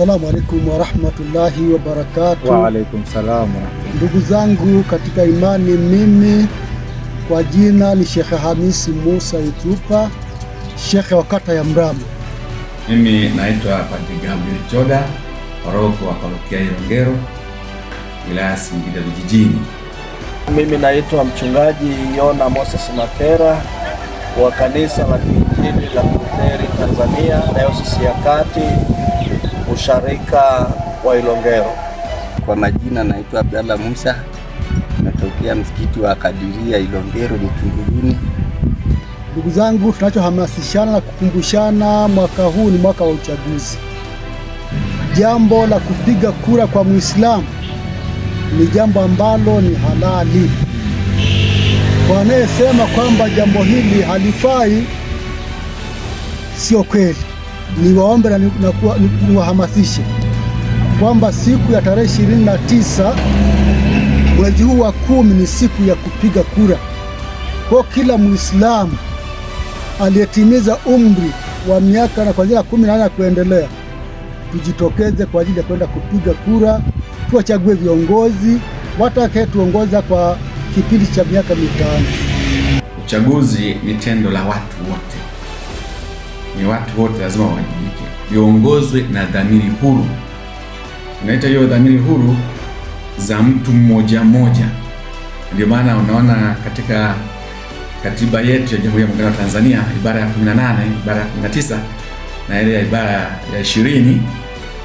Assalamu alaikum warahmatullahi wabarakatuh. Wa alaikum salam. Ndugu zangu katika imani, mimi kwa jina ni Shekhe Hamisi Musa Itupa, shekhe wa kata ya Mrama. Mimi naitwa Padri Gabriel Choda, paroko wa parokia Ilongero, wilaya Singida Vijijini. Mimi naitwa mchungaji Yona Moses Makera wa kanisa la Kiinjili la Kilutheri Tanzania, Dayosisi ya Kati usharika wa Ilongero. Kwa majina naitwa Abdalla Musa, natokea msikiti wa Kadiria Ilongero Mtunguruni. Ndugu zangu, tunachohamasishana na kukumbushana mwaka huu ni mwaka wa uchaguzi. Jambo la kupiga kura kwa Muislamu ni jambo ambalo ni halali. Wanayesema kwamba jambo hili halifai sio kweli niwaombe na niwahamasishe kwamba siku ya tarehe ishirini na tisa mwezi huu wa kumi ni siku ya kupiga kura. Kwa kila Muislamu aliyetimiza umri wa miaka na kuanzia kumi na nane ya kuendelea, tujitokeze kwa ajili ya kwenda kupiga kura, tuwachague viongozi watakayetuongoza kwa kipindi cha miaka mitano. Uchaguzi ni tendo la watu wote ni watu wote lazima wawajibike, iongozwe na dhamiri huru. Unaita hiyo dhamiri huru za mtu mmoja mmoja. Ndio maana unaona katika katiba yetu ya Jamhuri ya Muungano wa Tanzania ibara ya 18, ibara ya 19 na ile ya ibara ya 20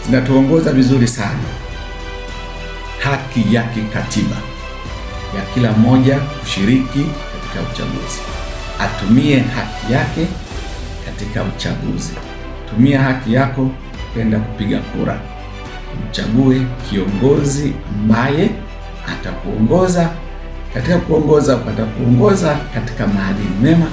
zinatuongoza vizuri sana. Haki ya kikatiba ya kila mmoja kushiriki katika uchaguzi, atumie haki yake katika uchaguzi. Tumia haki yako kwenda kupiga kura, mchague kiongozi ambaye atakuongoza katika kuongoza, atakuongoza katika maadili mema,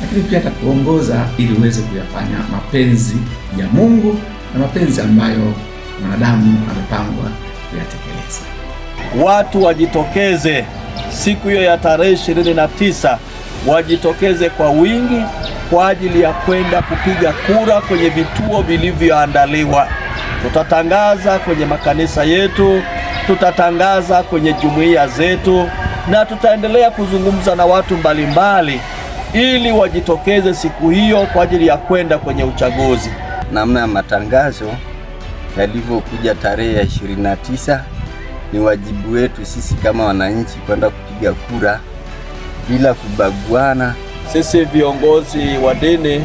lakini pia atakuongoza ili uweze kuyafanya mapenzi ya Mungu na mapenzi ambayo mwanadamu amepangwa kuyatekeleza. Watu wajitokeze siku hiyo ya tarehe 29, wajitokeze kwa wingi kwa ajili ya kwenda kupiga kura kwenye vituo vilivyoandaliwa. Tutatangaza kwenye makanisa yetu, tutatangaza kwenye jumuiya zetu, na tutaendelea kuzungumza na watu mbalimbali ili wajitokeze siku hiyo kwa ajili ya kwenda kwenye uchaguzi. Namna ya matangazo yalivyokuja tarehe ya 29 ni wajibu wetu sisi kama wananchi kwenda kupiga kura bila kubaguana. Sisi viongozi wa dini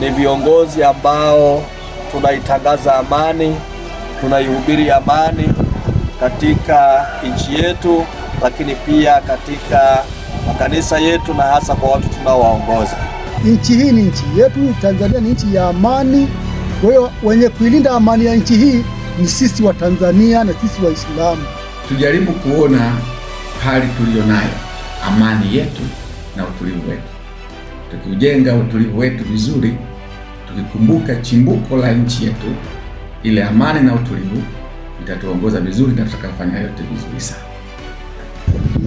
ni viongozi ambao tunaitangaza amani, tunaihubiri amani katika nchi yetu, lakini pia katika makanisa yetu na hasa kwa watu tunaowaongoza. Nchi hii ni nchi yetu, Tanzania ni nchi ya amani. Kwa hiyo wenye kuilinda amani ya nchi hii ni sisi wa Tanzania na sisi Waislamu. Tujaribu kuona hali tuliyonayo, amani yetu na utulivu wetu. Tukiujenga utulivu wetu vizuri, tukikumbuka chimbuko la nchi yetu, ile amani na utulivu itatuongoza vizuri na tutakafanya yote vizuri sana,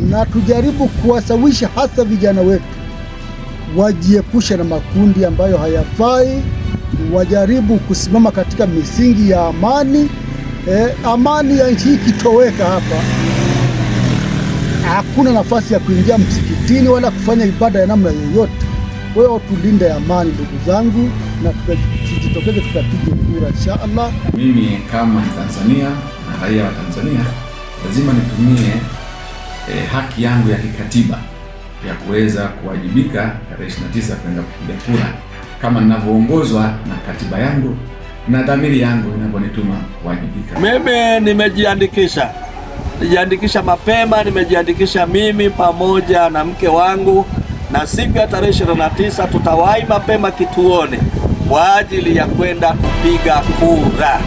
na tujaribu kuwasawisha hasa vijana wetu wajiepushe na makundi ambayo hayafai, wajaribu kusimama katika misingi ya amani. Eh, amani ya nchi ikitoweka hapa hakuna nafasi ya kuingia msikitini wala kufanya ibada ya namna yoyote. hiyo tulinde amani, ndugu zangu, na tujitokeze tukapige kura insha Allah. Mimi kama Tanzania na raia wa Tanzania lazima nitumie eh, haki yangu ya kikatiba ya kuweza kuwajibika tarehe 29 kwenda kupiga kura kama ninavyoongozwa na katiba yangu na dhamiri yangu inavyonituma kuwajibika. Mimi nimejiandikisha nijiandikisha mapema, nimejiandikisha mimi pamoja na mke wangu, na siku ya tarehe 29 tutawahi mapema kituoni kwa ajili ya kwenda kupiga kura.